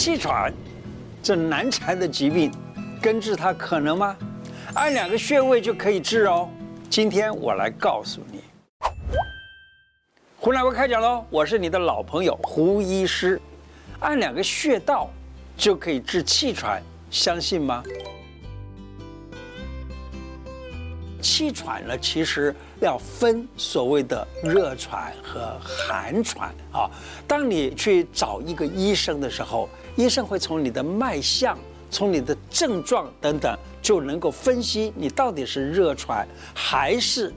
氣喘，這難纏的疾病，根治它可能嗎？按兩個穴位就可以治哦。今天我來告訴你，胡乃文開講嘍！我是你的老朋友胡醫師，按兩個穴道，就可以治氣喘，相信嗎？氣喘呢，其實要分所謂的熱喘和寒喘啊。當你去找一個醫生的時候，醫生會從你的脈象、從你的症狀等等，就能夠分析你到底是熱喘還是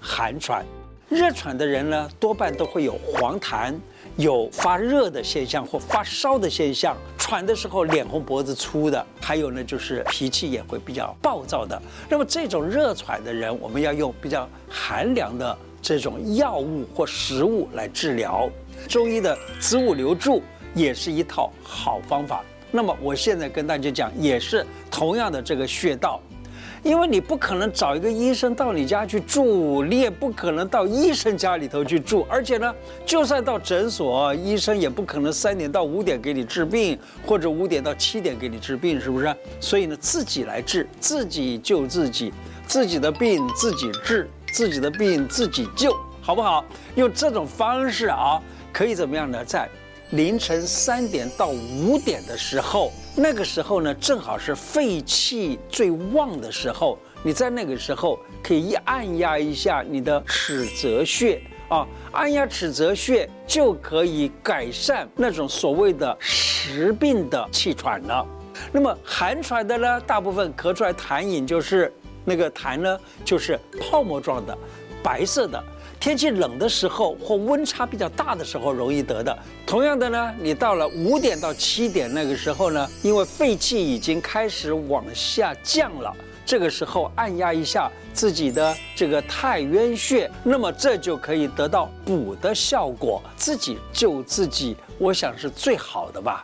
寒喘。熱喘的人呢，多半都會有黃痰。有發熱的現象或發燒的現象，喘的時候臉紅脖子粗的，還有呢就是脾氣也會比較暴躁的。那麼這種熱喘的人，我們要用比較寒涼的這種藥物或食物來治療。中醫的子午流注也是一套好方法。那麼我現在跟大家講，也是同樣的這個穴道。因為你不可能找一個醫生到你家去住，你也不可能到醫生家裡頭去住，而且呢，就算到診所，醫生也不可能三點到五點給你治病，或者五點到七點給你治病，是不是？所以呢，自己來治，自己救自己，自己的病自己治，自己的病自己救，好不好？用這種方式啊，可以怎麼樣呢？在凌晨三點到五點的時候。那個時候呢，正好是肺氣最旺的時候，你在那個時候可以一按壓一下你的尺澤穴啊，按壓尺澤穴就可以改善那種所謂的實病的氣喘了。那麼寒喘的呢，大部分咳出來痰飲就是那個痰呢，就是泡沫狀的，白色的。天氣冷的時候或溫差比較大的時候，容易得的。同樣的呢，你到了五點到七點那個時候呢，因為肺氣已經開始往下降了，這個時候按壓一下自己的這個太淵穴，那麼這就可以得到補的效果，自己救自己，我想是最好的吧。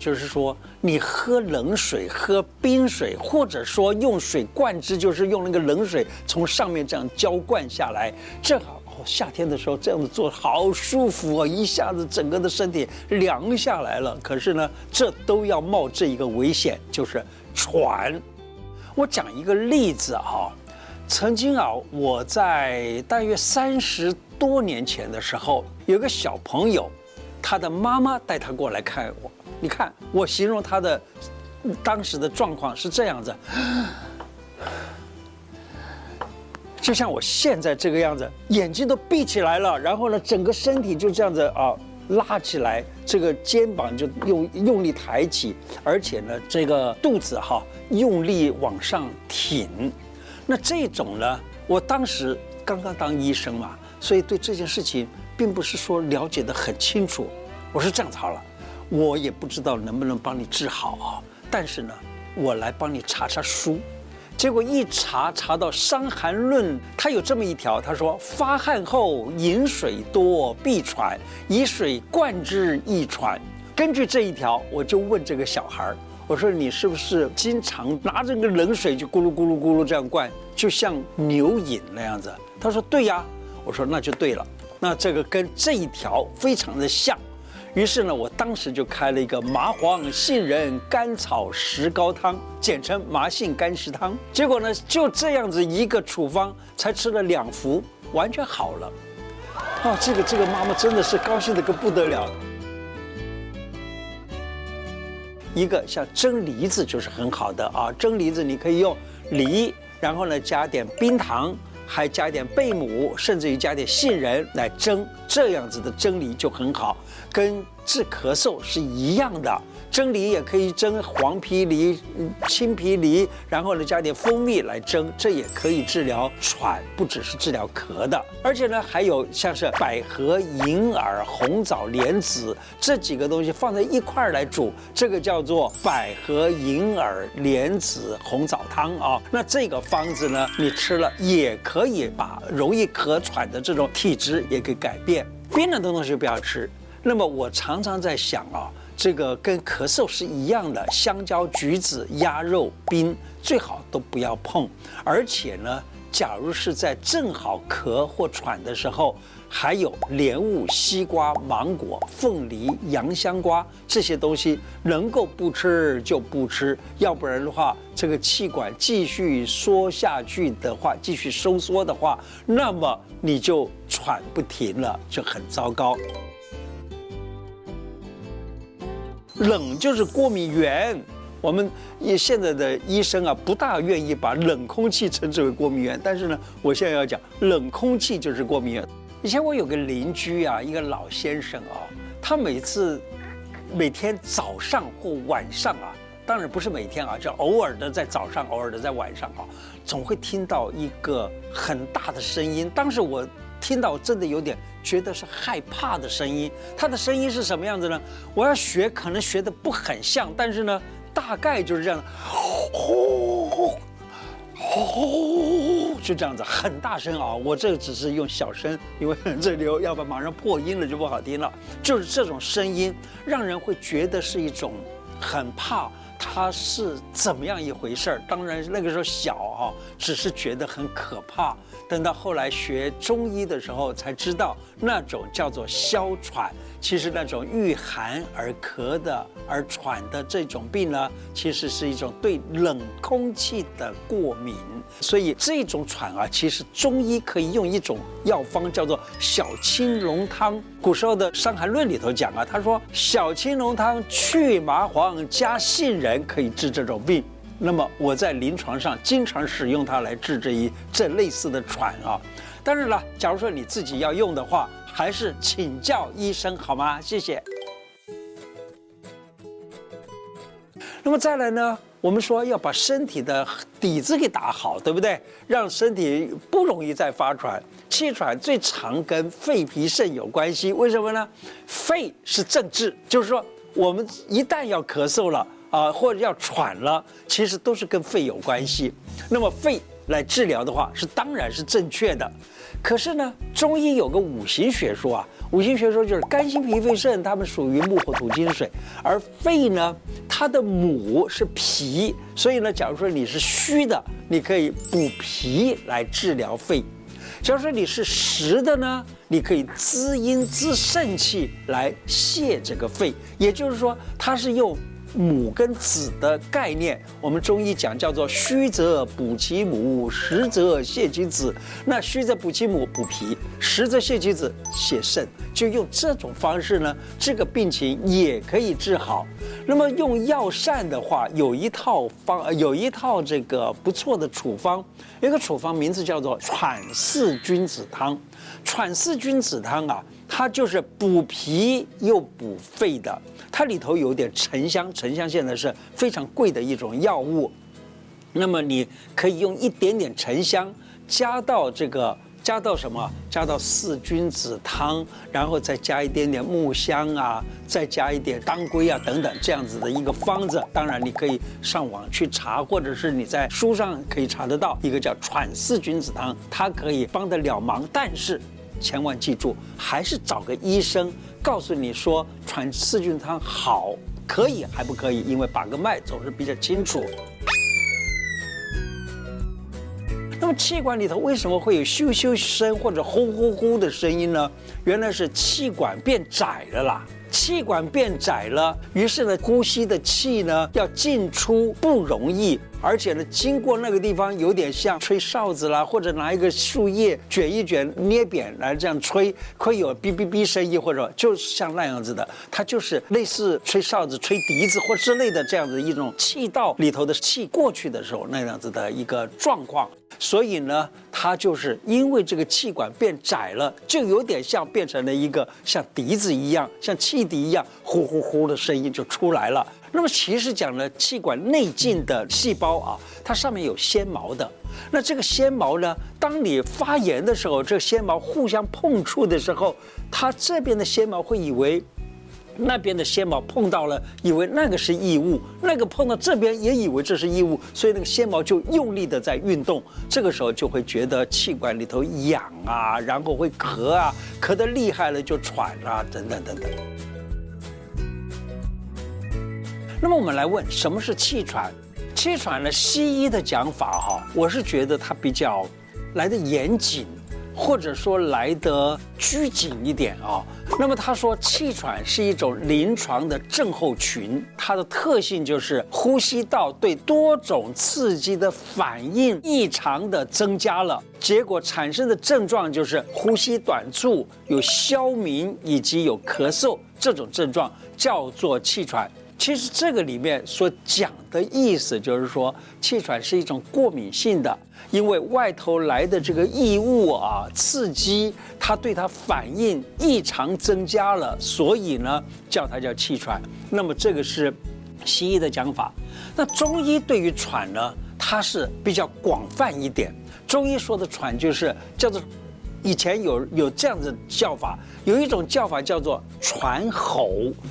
就是說，你喝冷水，喝冰水，或者說用水灌之，就是用那個冷水從上面這樣澆灌下來，正好、哦、夏天的時候這樣子做，好舒服哦，一下子整個的身體涼下來了。可是呢，這都要冒着一個危險，就是喘。我講一個例子哈、哦，曾經啊，我在大約三十多年前的時候，有個小朋友，他的媽媽帶他過來看我。你看，我形容他的當時的狀況是這樣子，就像我現在這個樣子，眼睛都閉起來了，然後呢，整個身體就這樣子啊拉起來，這個肩膀就用用力抬起，而且呢，這個肚子哈、啊、用力往上挺。那這種呢，我當時剛剛當醫生嘛，所以對這件事情並不是說了解得很清楚，我是這樣子好了。我也不知道能不能幫你治好，啊，但是呢，我來幫你查查書。結果一查查到《傷寒論》，它有這麼一條，他說：“發汗後飲水多必喘，以水灌之亦喘。”根據這一條，我就問這個小孩兒：“我說你是不是經常拿着個冷水就咕嚕咕嚕咕嚕這樣灌，就像牛飲那樣子？”他說：“對呀。”我說：“那就對了，那這個跟這一條非常的像。”於是呢，我當時就開了一個麻黃、杏仁、甘草、石膏湯，簡稱麻杏甘石湯。結果呢，就這樣子一個處方，才吃了兩服，完全好了。哦，這個這個媽媽真的是高興的個不得了。一個像蒸梨子就是很好的啊，蒸梨子你可以用梨，然後呢加點冰糖。還加一點貝母，甚至於加點杏仁來蒸，這樣子的蒸梨就很好。跟。治咳嗽是一樣的，蒸梨也可以蒸黃皮梨、青皮梨，然後呢加點蜂蜜來蒸，這也可以治療喘，不只是治療咳的，而且呢還有像是百合、銀耳、紅棗、蓮子這幾個東西放在一塊兒來煮，這個叫做百合銀耳蓮子紅棗湯啊。那這個方子呢，你吃了也可以把容易咳喘的這種體質也給改變，冰冷的東西不要吃。那麼我常常在想啊，這個跟咳嗽是一樣的，香蕉、橘子、鴨肉、冰最好都不要碰。而且呢，假如是在正好咳或喘的時候，還有蓮霧、西瓜、芒果、鳳梨、洋香瓜這些東西，能夠不吃就不吃。要不然的話，這個氣管繼續縮下去的話，繼續收縮的話，那麼你就喘不停了，就很糟糕。冷就是過敏原，我們現在的醫生啊，不大願意把冷空氣稱之為過敏原，但是呢，我現在要講冷空氣就是過敏原。以前我有個鄰居啊，一個老先生啊、哦，他每次每天早上或晚上啊，當然不是每天啊，就偶爾的在早上，偶爾的在晚上啊，總會聽到一個很大的聲音。當時我。聽到真的有點覺得是害怕的聲音，它的聲音是什麼樣子呢？我要學，可能學得不很像，但是呢，大概就是這樣，的，呼呼呼，就這樣子，很大聲啊！我這個只是用小聲，因為很熱流，要不然馬上破音了就不好聽了。就是這種聲音，讓人會覺得是一種很怕。它是怎麼樣一回事兒？當然那個時候小啊，只是覺得很可怕。等到後來學中醫的時候，才知道那種叫做哮喘。其實那種遇寒而咳的，而喘的這種病呢，其實是一種對冷空氣的過敏，所以這種喘啊，其實中醫可以用一種藥方叫做小青龍湯。古時候的《傷寒論》裡頭講啊，他說小青龍湯去麻黃加杏仁可以治這種病。那麼我在臨床上經常使用它來治這一這類似的喘啊。但是呢，假如說你自己要用的話。還是請教醫生好嗎？謝謝。那麼再來呢？我們說要把身體的底子給打好，對不對？讓身體不容易再發喘，氣喘最常跟肺、脾、腎有關係。為什麼呢？肺是正治，就是說我們一旦要咳嗽了啊、呃，或者要喘了，其實都是跟肺有關係。那麼肺。來治療的話是當然是正確的，可是呢，中醫有個五行學說啊，五行學說就是肝心脾肺腎，它們屬於木火土金水，而肺呢，它的母是脾，所以呢，假如說你是虛的，你可以補脾來治療肺；假如說你是實的呢，你可以滋陰滋腎氣來泄這個肺。也就是說，它是用。母跟子的概念，我們中醫講叫做虛則補其母，實則瀉其子。那虛則補其母，補脾；實則瀉其子，瀉腎。就用這種方式呢，這個病情也可以治好。那麼用藥膳的話，有一套方，呃，有一套這個不錯的處方。有一個處方名字叫做喘四君子湯。喘四君子湯啊。它就是補脾又補肺的，它裡頭有點沉香，沉香現在是非常貴的一種藥物。那麼你可以用一點點沉香加到這個，加到什麼？加到四君子湯，然後再加一點點木香啊，再加一點當歸啊等等，這樣子的一個方子。當然，你可以上網去查，或者是你在書上可以查得到，一個叫喘四君子湯，它可以幫得了忙，但是。千萬記住，還是找個醫生告訴你說，喘四君子湯好，可以還不可以？因為把個脈總是比較清楚。那麼氣管裡頭為什麼會有咻咻聲或者呼呼呼的聲音呢？原來是氣管變窄了啦。氣管變窄了，於是呢，呼吸的氣呢要進出不容易，而且呢，經過那個地方有點像吹哨子啦，或者拿一個樹葉捲一捲、捏扁來這樣吹，可以有嗶嗶嗶聲音或者就是像那樣子的，它就是類似吹哨子、吹笛子或之類的這樣子一種氣道裡頭的氣過去的時候那樣子的一個狀況。所以呢，它就是因為這個氣管變窄了，就有點像變成了一個像笛子一樣、像汽笛一樣，呼呼呼的聲音就出來了。那麼其實講呢，氣管內徑的細胞啊，它上面有纖毛的。那這個纖毛呢，當你發炎的時候，這個纖毛互相碰觸的時候，它這邊的纖毛會以為。那邊的纖毛碰到了，以為那個是異物；那個碰到這邊也以為這是異物，所以那個纖毛就用力的在運動。這個時候就會覺得氣管裡頭癢啊，然後會咳啊，咳得厲害了就喘啊，等等等等。那麼我們來問，什麼是氣喘？氣喘呢，西醫的講法哈，我是覺得它比較來得嚴謹。或者說來得拘謹一點啊、哦，那麼他說氣喘是一種臨床的症候群，它的特性就是呼吸道對多種刺激的反應異常的增加了，結果產生的症狀就是呼吸短促、有哮鳴以及有咳嗽，這種症狀叫做氣喘。其實這個裡面所講的意思，就是說氣喘是一種過敏性的，因為外頭來的這個異物啊，刺激它，對它反應異常增加了，所以呢叫它叫氣喘。那麼這個是西醫的講法，那中醫對於喘呢，它是比較廣泛一點。中醫說的喘就是叫做。以前有有這樣的叫法，有一種叫法叫做喘吼，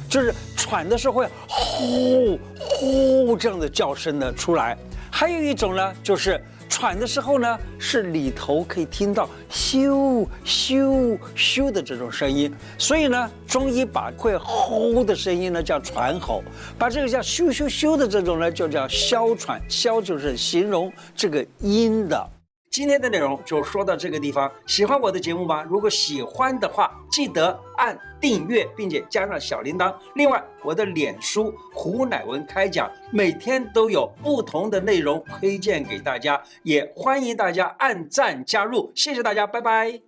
就是喘的時候會呼呼，這樣的叫聲呢出來；還有一種呢，就是喘的時候呢，是裡頭可以聽到咻咻咻咻的這種聲音。所以呢，中醫把會呼的聲音呢叫喘吼，把這個叫咻咻咻的這種呢就叫哮喘，哮就是形容這個音的。今天的內容就說到這個地方。喜歡我的節目嗎？如果喜歡的話，記得按訂閱，並且加上小鈴鐺。另外，我的臉書胡乃文開講，每天都有不同的內容推薦給大家，也歡迎大家按讚加入。謝謝大家，拜拜。